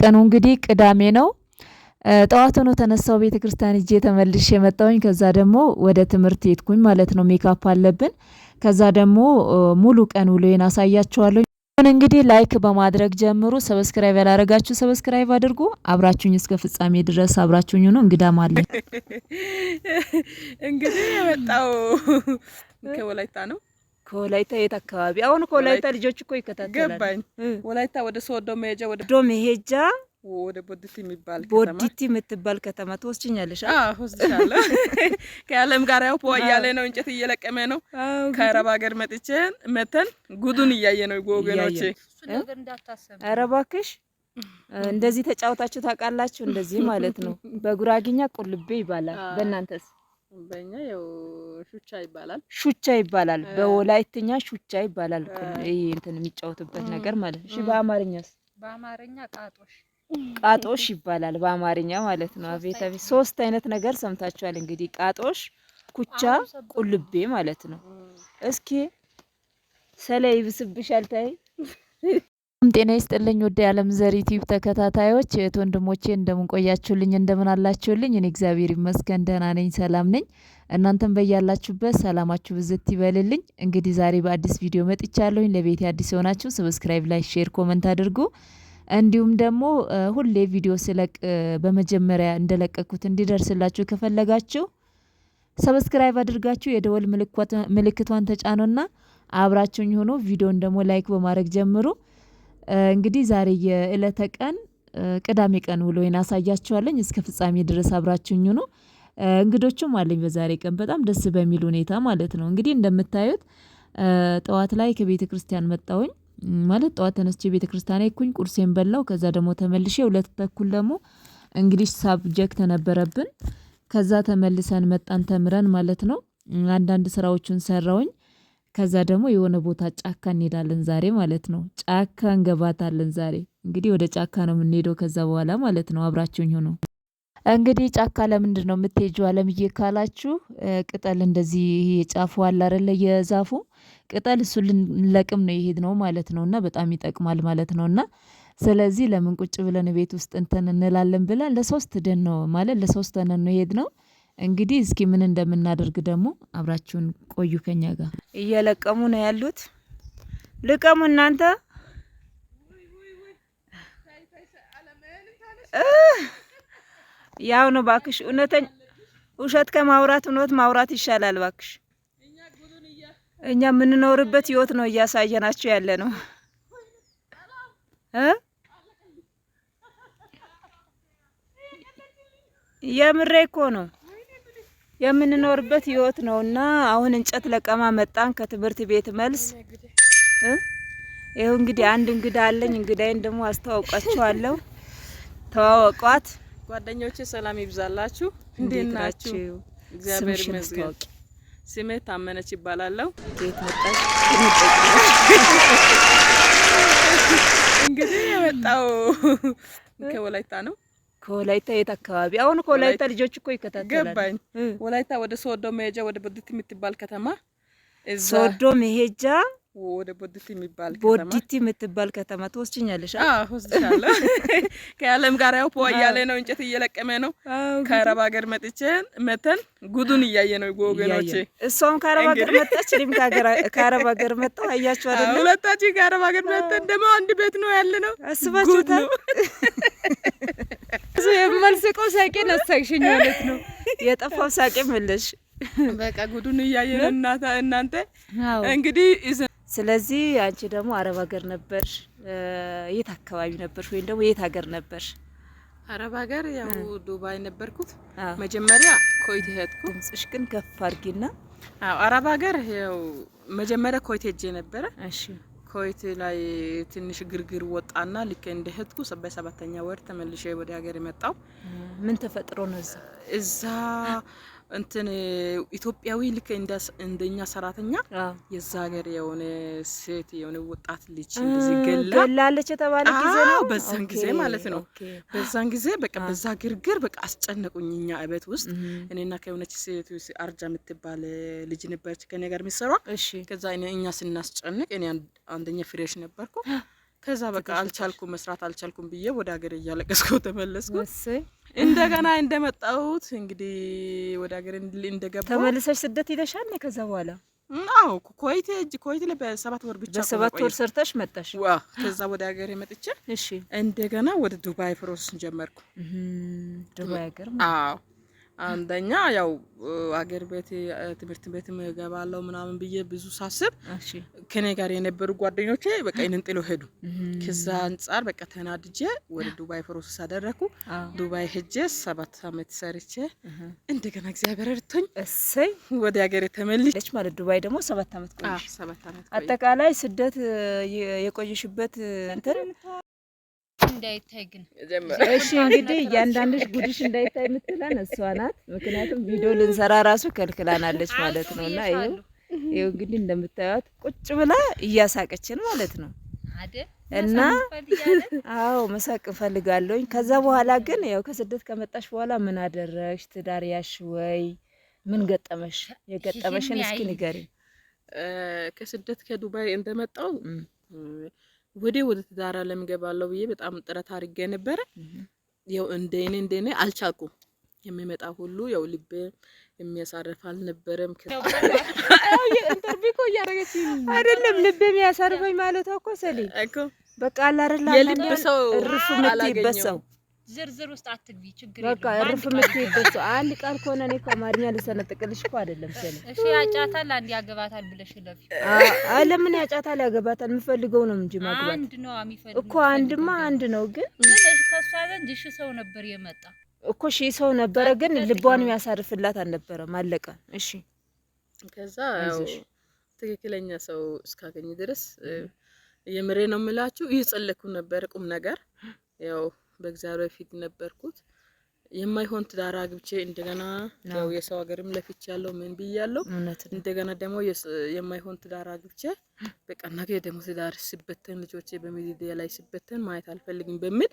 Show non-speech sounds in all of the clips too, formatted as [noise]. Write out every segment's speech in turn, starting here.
ቀኑ እንግዲህ ቅዳሜ ነው። ጠዋቱኑ ተነሳው ቤተ ክርስቲያን እጄ ተመልሼ የመጣውኝ። ከዛ ደግሞ ወደ ትምህርት ሄድኩኝ ማለት ነው። ሜካፕ አለብን። ከዛ ደግሞ ሙሉ ቀን ውሎዬን አሳያችኋለሁ። እንግዲህ ላይክ በማድረግ ጀምሩ። ሰብስክራይብ ያላረጋችሁ ሰብስክራይብ አድርጉ። አብራችሁኝ እስከ ፍጻሜ ድረስ አብራችሁኝ ነው። እንግዳም አለ እንግዲህ የመጣው ከወላይታ ነው ከወላይታ የት አካባቢ? አሁን ከወላይታ ልጆች እኮ ይከታተላል። ገባኝ። ወላይታ ወደ ሶዶ መሄጃ ወደ ሶዶ መሄጃ ወደ ቦዲቲ የሚባል ቦዲቲ የምትባል ከተማ ትወስጂኛለሽ? አዎ ወስድሻለሁ። [laughs] ከአለም ጋር ያው ፖ ነው፣ እንጨት እየለቀመ ነው። ከአረብ ሀገር መጥቼ መተን ጉዱን እያየ ነው ጎገኖቼ። ኧረ እንደዚህ ተጫውታችሁ ታውቃላችሁ? እንደዚህ ማለት ነው። በጉራግኛ ቁልቤ ይባላል። በእናንተስ? በእኛ ያው ሹቻ ይባላል። ሹቻ ይባላል። በወላይትኛ ሹቻ ይባላል። ይሄ እንትን የሚጫወትበት ነገር ማለት ነው። በአማርኛስ? በአማርኛ ቃጦሽ ቃጦሽ ይባላል በአማርኛ ማለት ነው። አቤት አቤት! ሶስት አይነት ነገር ሰምታችኋል እንግዲህ ቃጦሽ፣ ኩቻ፣ ቁልቤ ማለት ነው። እስኪ ሰላይ ይብስብሻል [laughs] ጤና ይስጥልኝ ወደ የዓለም ዘር ዩቲዩብ ተከታታዮች እህት ወንድሞቼ እንደምንቆያችሁልኝ እንደምን አላችሁልኝ? እኔ እግዚአብሔር ይመስገን ደህና ነኝ፣ ሰላም ነኝ። እናንተም በያላችሁበት ሰላማችሁ ብዝት ይበልልኝ። እንግዲህ ዛሬ በአዲስ ቪዲዮ መጥቻለሁኝ። ለቤት አዲስ የሆናችሁ ሰብስክራይብ፣ ላይ ሼር፣ ኮመንት አድርጉ። እንዲሁም ደግሞ ሁሌ ቪዲዮ ስለቅ በመጀመሪያ እንደለቀኩት እንዲደርስላችሁ ከፈለጋችሁ ሰብስክራይብ አድርጋችሁ የደወል ምልክቷን ተጫኑና አብራችሁኝ ሆኖ ቪዲዮን ደግሞ ላይክ በማድረግ ጀምሩ እንግዲህ ዛሬ የእለተ ቀን ቅዳሜ ቀን ወይን አሳያችኋለኝ እስከ ፍጻሜ ድረስ አብራችሁኝ ሁኑ። እንግዶቹም አለኝ በዛሬ ቀን በጣም ደስ በሚል ሁኔታ ማለት ነው። እንግዲህ እንደምታዩት ጠዋት ላይ ከቤተ ክርስቲያን መጣውኝ ማለት ጠዋት ተነስቼ ቤተ ክርስቲያን ሄድኩኝ ቁርሴን በላው። ከዛ ደግሞ ተመልሼ ሁለት ተኩል ደግሞ እንግሊሽ ሳብጀክት ነበረብን ከዛ ተመልሰን መጣን ተምረን ማለት ነው። አንዳንድ ስራዎቹን ሰራውኝ። ከዛ ደግሞ የሆነ ቦታ ጫካ እንሄዳለን ዛሬ ማለት ነው። ጫካ እንገባታለን ዛሬ እንግዲህ ወደ ጫካ ነው የምንሄደው ከዛ በኋላ ማለት ነው። አብራችሁኝ ሁኑ። እንግዲህ ጫካ ለምንድን ነው አለም አለምዬ ካላችሁ፣ ቅጠል እንደዚህ የጫፉ አለ አይደለ? የዛፉ ቅጠል እሱ ልንለቅም ነው የሄድ ነው ማለት ነው። እና በጣም ይጠቅማል ማለት ነው። እና ስለዚህ ለምን ቁጭ ብለን ቤት ውስጥ እንትን እንላለን ብለን ለሶስት ደን ነው ማለት ለሶስት ደን ነው የሄድ ነው። እንግዲህ እስኪ ምን እንደምናደርግ ደግሞ አብራችሁን ቆዩ ከኛ ጋር። እየለቀሙ ነው ያሉት። ልቀሙ እናንተ። ያው ነው ባክሽ፣ እውነተኛ ውሸት ከማውራት እውነት ማውራት ይሻላል ባክሽ። እኛ የምንኖርበት ህይወት ነው እያሳየናቸው ያለ ነው የምሬ እኮ ነው። የምንኖርበት ህይወት ነው እና አሁን እንጨት ለቀማ መጣን ከትምህርት ቤት መልስ። ይኸው እንግዲህ አንድ እንግዳ አለኝ። እንግዳይን ደግሞ አስተዋውቃችኋለሁ። ተዋወቋት። ጓደኞቼ ሰላም ይብዛላችሁ። እንዴት ናችሁ? እግዚአብሔር ይመስገን። ስሜ ታመነች ይባላለሁ። ጌት መጣች። እንግዲህ የመጣው ከወላይታ ነው ከወላይታ የት አካባቢ? አሁን እኮ ልጆች እኮ ይከታተላል። ገባኝ። ወላይታ ወደ ሶዶ መሄጃ ወደ ቦዲቲ የምትባል ከተማ ሶዶ መሄጃ ወደ ቦዲቲ የሚባል ከተማ ቦዲቲ የምትባል ከተማ ትወስጂኛለሽ? አዎ ወስድሻለሁ። [laughs] ከአለም ጋር ያው ፖ እያለ ነው፣ እንጨት እየለቀመ ነው። ከአረብ ሀገር መጥቼ መተን ጉዱን እያየ ነው ወገኖቼ። እሷም ከአረብ ሀገር መጣች፣ እኔም ከአረብ ሀገር መጣሁ። አያችሁ አይደል? ሁለታችን ከአረብ ሀገር መጥተን ደግሞ አንድ ቤት ነው ያለ ነው። አስባችሁታል? የማልስቀው ሳቄን አስታግሽኝ ማለት ነው። የጠፋው ሳቄ መለሽ። በቃ ጉዱን እያየን እናታ እናንተ እንግዲህ ስለዚህ አንቺ ደግሞ አረብ ሀገር ነበር የት አካባቢ ነበር ወይም ደግሞ የት ሀገር ነበርሽ? አረብ ሀገር ያው ዱባይ ነበርኩት መጀመሪያ። ኮይት ሄድኩ። ድምጽሽ ግን ከፍ አድርጊና። አረብ ሀገር ያው መጀመሪያ ኮይት ሄጄ ነበረ። እሺ ኮይት ላይ ትንሽ ግርግር ወጣና ልክ እንደ ህትኩ በሰባተኛ ወር ተመልሼ ወደ ሀገር የመጣው ምን ተፈጥሮ ነው? እዛ እዛ እንትን ኢትዮጵያዊ ልክ እንደኛ ሰራተኛ የዛ ሀገር የሆነ ሴት የሆነ ወጣት ልጅ ገላለች የተባለ ጊዜ ነው። በዛን ጊዜ ማለት ነው። በዛን ጊዜ በቃ በዛ ግርግር በቃ አስጨነቁኝ። እኛ እቤት ውስጥ እኔና ከሆነች ሴቱ አርጃ የምትባል ልጅ ነበረች ከኔ ጋር የሚሰሯ። ከዛ እኛ ስናስጨንቅ እኔ አንደኛ ፍሬሽ ነበርኩ። ከዛ በቃ አልቻልኩም መስራት አልቻልኩም ብዬ ወደ ሀገር እያለቀስኩ ተመለስኩ። እንደገና እንደመጣሁት እንግዲህ ወደ ሀገር እንደገባ ተመልሰሽ ስደት ሄደሻል። ከዛ በኋላ አዎ ኮይት እጅ ኮይት በሰባት ወር ብቻ በሰባት ወር ሰርተሽ መጣሽ። ከዛ ወደ ሀገር መጥቼ እሺ እንደገና ወደ ዱባይ ፕሮሰስ ጀመርኩ። ዱባይ ሀገር አዎ አንደኛ ያው አገር ቤት ትምህርት ቤት እገባለሁ ምናምን ብዬ ብዙ ሳስብ ከኔ ጋር የነበሩ ጓደኞቼ በቃ ይህንን ጥሎ ሄዱ። ከዛ አንጻር በቃ ተናድጄ ወደ ዱባይ ፕሮሰስ አደረኩ። ዱባይ ሄጄ ሰባት አመት ሰርቼ እንደገና እግዚአብሔር ረድቶኝ እሰይ ወደ ሀገር የተመልች ማለት ዱባይ ደግሞ ሰባት አመት ቆይ አጠቃላይ ስደት የቆየሽበት እንትን እንዳይታይ ግን እሺ፣ እንግዲህ እያንዳንድሽ ጉድሽ እንዳይታይ የምትለን እሷ ናት። ምክንያቱም ቪዲዮ ልንሰራ ራሱ ከልክላናለች ማለት ነው። እና ይኸው ይኸው እንግዲህ እንደምታዩት ቁጭ ብላ እያሳቀችን ማለት ነው። እና አዎ መሳቅ እፈልጋለሁኝ። ከዛ በኋላ ግን ያው ከስደት ከመጣሽ በኋላ ምን አደረግሽ? ትዳር ያሽ ወይ ምን ገጠመሽ? የገጠመሽን እስኪ ንገሪ። ከስደት ከዱባይ እንደመጣው ወደ ወደ ትዳር ዓለም እገባለሁ ብዬ በጣም ጥረት አድርጌ ነበረ። ያው እንደኔ እንደኔ አልቻልኩም። የሚመጣ ሁሉ ያው ልቤ የሚያሳርፍ አልነበረም። ኢንተርቪው እያደረገች አይደለም። ልቤ የሚያሳርፈኝ ማለት እኮ ሰሌ በቃ አላረላ የልብ ሰው ርፍ ምትይበት ሰው ዝርዝር ውስጥ አትግቢ፣ ችግር የለም። በቃ እርፍ የምትሄበት ሰው አንድ ቃል ከሆነ እኔ እኮ አማርኛ ልሰነጥቅልሽ እኮ አይደለም። ስለ እሺ ያጫታል፣ አንድ ያገባታል ብለሽ ለፊ አለ ምን ያጫታል፣ ያገባታል የምፈልገው ነው እንጂ ማግባት አንድ ነው የሚፈልገው እኮ አንድማ አንድ ነው። ግን ከሷ ዘንድ እሺ ሰው ነበር የመጣ እኮ ሺ ሰው ነበረ፣ ግን ልቧን የሚያሳርፍላት አልነበረም። አለቀ። እሺ ከዛ ያው ትክክለኛ ሰው እስካገኝ ድረስ የምሬ ነው የምላችሁ እየጸለኩ ነበር ቁም ነገር ያው በእግዚአብሔር ፊት ነበርኩት። የማይሆን ትዳር አግብቼ እንደገና ያው የሰው ሀገርም ለፍቼ ያለው ምን ብያለው። እንደገና ደግሞ የማይሆን ትዳር አግብቼ በቃ ነገ ደግሞ ትዳር ስበተን ልጆቼ በሚዲያ ላይ ስበተን ማየት አልፈልግም በሚል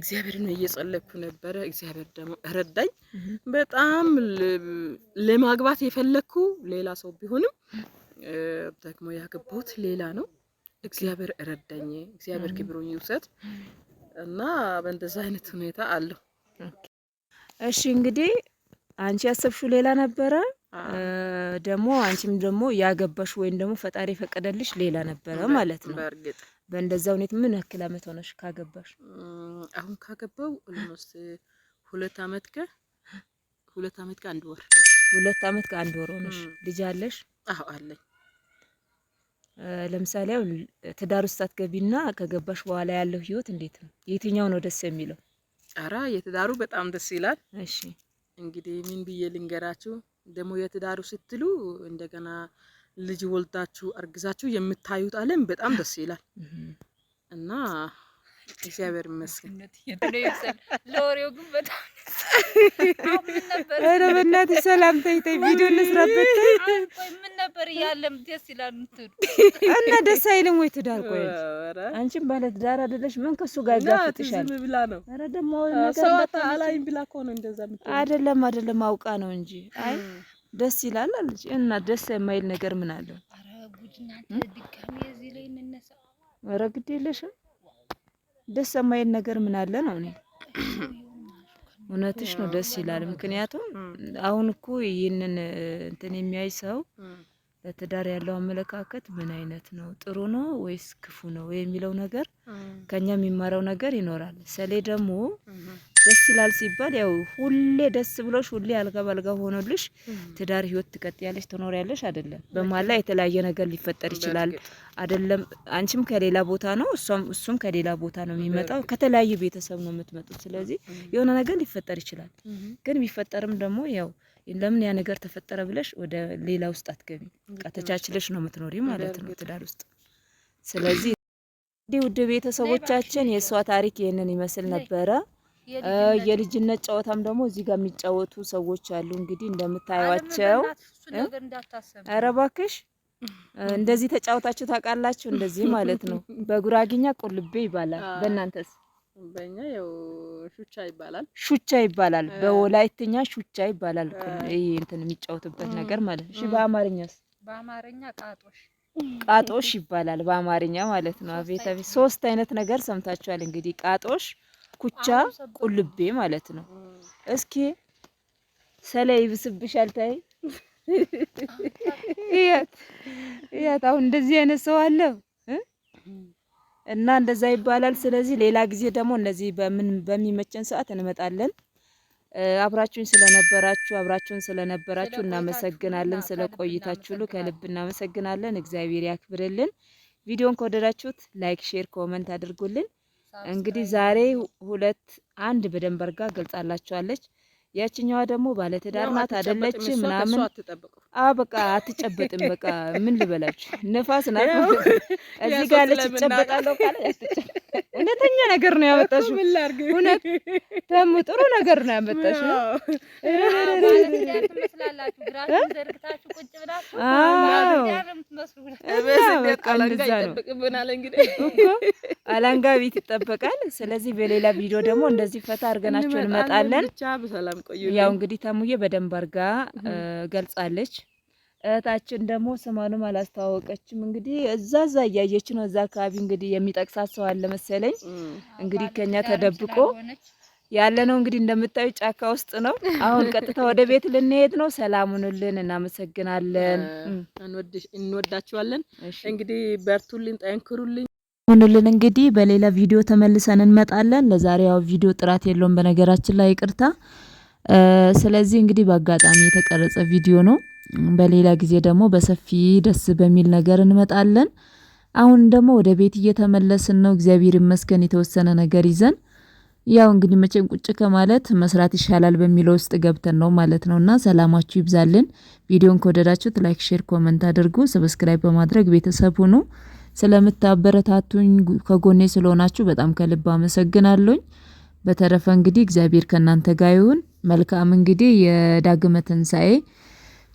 እግዚአብሔርን እየጸለኩ ነበረ። እግዚአብሔር ደግሞ ረዳኝ። በጣም ለማግባት የፈለግኩ ሌላ ሰው ቢሆንም ደግሞ ያገባሁት ሌላ ነው። እግዚአብሔር ረዳኝ። እግዚአብሔር ክብሩን ይውሰድ። እና በእንደዚ አይነት ሁኔታ አለው። እሺ እንግዲህ አንቺ ያሰብሽው ሌላ ነበረ፣ ደግሞ አንቺም ደግሞ ያገባሽ ወይም ደግሞ ፈጣሪ የፈቀደልሽ ሌላ ነበረ ማለት ነው። በእርግጥ በእንደዛ ሁኔታ ምን ያክል አመት ሆነሽ ካገባሽ? አሁን ካገባው ኦልሞስት ሁለት አመት ከ ሁለት አመት ከአንድ ወር ሁለት አመት ከአንድ ወር ሆነሽ። ልጅ አለሽ? አዎ አለኝ። ለምሳሌ አሁን ትዳር ውስጥ አትገቢና ከገባሽ በኋላ ያለው ህይወት እንዴት ነው? የትኛው ነው ደስ የሚለው? አራ የትዳሩ በጣም ደስ ይላል። እሺ እንግዲህ ምን ብዬ ልንገራችሁ። ደግሞ የትዳሩ ስትሉ እንደገና ልጅ ወልዳችሁ አርግዛችሁ የምታዩት ዓለም በጣም ደስ ይላል እና እግዚአብሔር ይመስገን። ለወሬው ግን በጣም ኧረ በእናትሽ ሰላም ተይ ተይ፣ ቪዲዮ እንስራበት ተይ። ምን ነበር እያለም ደስ ይላል እንትኑ እና ደስ አይልም ወይ ትዳር? ቆይ አንቺም ባለ ትዳር አይደለሽ? ምን ከሱ ጋር ጋፍጥሻል? ብላ ነው። ኧረ ደግሞ አላይም ብላ እኮ ነው እንደዛ። አይደለም አይደለም፣ አውቃ ነው እንጂ። አይ ደስ ይላል አለች እና ደስ የማይል ነገር ምን አለው? ኧረ ጉድ እናንተ ድጋሜ ላይ እንነሳ። ኧረ ግድ የለሽም ደስ የማይል ነገር ምን አለ ነው። እኔ እውነትሽ ነው፣ ደስ ይላል። ምክንያቱም አሁን እኮ ይህንን እንትን የሚያይ ሰው ለትዳር ያለው አመለካከት ምን አይነት ነው፣ ጥሩ ነው ወይስ ክፉ ነው የሚለው ነገር ከኛ የሚማረው ነገር ይኖራል። ሰሌ ደግሞ ደስ ይላል ሲባል ያው ሁሌ ደስ ብሎሽ ሁሌ አልጋ ባልጋ ሆኖልሽ ትዳር ህይወት ትቀጥያለሽ ትኖሪያለሽ አይደለም። በመሀል ላይ የተለያየ ነገር ሊፈጠር ይችላል አይደለም። አንቺም ከሌላ ቦታ ነው እሷም እሱም ከሌላ ቦታ ነው የሚመጣው። ከተለያየ ቤተሰብ ነው የምትመጡት። ስለዚህ የሆነ ነገር ሊፈጠር ይችላል። ግን ቢፈጠርም ደግሞ ያው ለምን ያ ነገር ተፈጠረ ብለሽ ወደ ሌላ ውስጥ አትገቢ። ተቻችለሽ ነው የምትኖሪ ማለት ነው ትዳር ውስጥ ስለዚህ ውድ ቤተሰቦቻችን የእሷ ታሪክ ይህንን ይመስል ነበረ። የልጅነት ጨዋታም ደግሞ እዚህ ጋር የሚጫወቱ ሰዎች አሉ። እንግዲህ እንደምታዩቸው ረባክሽ እንደዚህ ተጫውታችሁ ታውቃላችሁ? እንደዚህ ማለት ነው። [laughs] በጉራግኛ ቁልቤ ይባላል። በእናንተስ? በእኛ ያው ሹቻ ይባላል። ሹቻ ይባላል። በወላይትኛ ሹቻ ይባላል። ይሄ እንትን የሚጫወቱበት ነገር ማለት ነው። እሺ፣ በአማርኛስ? በአማርኛ ቃጦሽ ቃጦሽ ይባላል። በአማርኛ ማለት ነው። አቤት አቤት! ሶስት አይነት ነገር ሰምታችኋል እንግዲህ ቃጦሽ ኩቻ ቁልቤ ማለት ነው። እስኪ ሰለ ይብስብሻል። ታይ እያት አሁን እንደዚህ አይነት ሰው አለ እና እንደዛ ይባላል። ስለዚህ ሌላ ጊዜ ደግሞ እንደዚህ በምን በሚመቸን ሰዓት እንመጣለን። አብራችሁን ስለነበራችሁ አብራችሁን ስለነበራችሁ እናመሰግናለን። ስለ ቆይታችሁ ሁሉ ከልብ እናመሰግናለን። እግዚአብሔር ያክብርልን። ቪዲዮን ከወደዳችሁት ላይክ፣ ሼር፣ ኮመንት አድርጉልን። እንግዲህ ዛሬ ሁለት አንድ በደንብ አድርጋ ገልጻላችኋለች። ያችኛዋ ደግሞ ባለትዳር ናት አይደለች ምናምን አዎ በቃ አትጨበጥም። በቃ ምን ልበላችሁ ነፋስ ናት። [laughs] እዚህ ጋር ያለች ይጨበጣለሁ ካለ እውነተኛ ነገር ነው ያመጣሽው። እውነት ተሙ ጥሩ ነገር ነው ያመጣሽው። አዎ በቃ እንደዛ ነው እኮ አላንጋ ቤት ይጠበቃል። ስለዚህ በሌላ ቪዲዮ ደግሞ እንደዚህ ፈታ አድርገናቸው እንመጣለን። ያው እንግዲህ ተሙዬ በደንብ አርጋ ገልጻለች። እህታችን ደግሞ ስማኑም አላስተዋወቀችም። እንግዲህ እዛ እዛ እያየች ነው። እዛ አካባቢ እንግዲህ የሚጠቅሳት ሰው አለ መሰለኝ። እንግዲህ ከኛ ተደብቆ ያለ ነው። እንግዲህ እንደምታዩ ጫካ ውስጥ ነው። አሁን ቀጥታ ወደ ቤት ልንሄድ ነው። ሰላሙንልን። እናመሰግናለን። እንወዳችኋለን። እንግዲህ በርቱልን፣ ጠንክሩልኝ። ሁንልን እንግዲህ በሌላ ቪዲዮ ተመልሰን እንመጣለን። ለዛሬ ያው ቪዲዮ ጥራት የለውም በነገራችን ላይ ይቅርታ። ስለዚህ እንግዲህ በአጋጣሚ የተቀረጸ ቪዲዮ ነው። በሌላ ጊዜ ደግሞ በሰፊ ደስ በሚል ነገር እንመጣለን። አሁን ደግሞ ወደ ቤት እየተመለስን ነው። እግዚአብሔር ይመስገን የተወሰነ ነገር ይዘን ያው እንግዲህ መቼም ቁጭ ከማለት መስራት ይሻላል በሚለው ውስጥ ገብተን ነው ማለት ነው። እና ሰላማችሁ ይብዛልን። ቪዲዮን ከወደዳችሁት ላይክ፣ ሼር፣ ኮመንት አድርጉ። ሰብስክራይብ በማድረግ ቤተሰብ ሁኑ። ስለምታበረታቱኝ ከጎኔ ስለሆናችሁ በጣም ከልብ አመሰግናለሁኝ። በተረፈ እንግዲህ እግዚአብሔር ከእናንተ ጋር ይሁን። መልካም እንግዲህ የዳግመ ትንሣኤ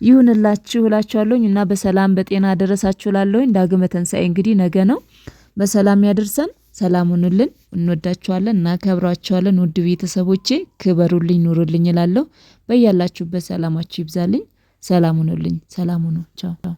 ይሁንላችሁ እላችኋለሁኝ እና በሰላም በጤና ደረሳችሁ ላለሁኝ። ዳግመ ትንሣኤ እንግዲህ ነገ ነው። በሰላም ያደርሰን። ሰላም ሁኑልን። እንወዳችኋለን፣ እናከብራችኋለን። ውድ ቤተሰቦቼ ክበሩልኝ፣ ኑሩልኝ እላለሁ። በያላችሁበት ሰላማችሁ ይብዛልኝ። ሰላም ሁኑልኝ። ሰላም ሁኑ። ቻው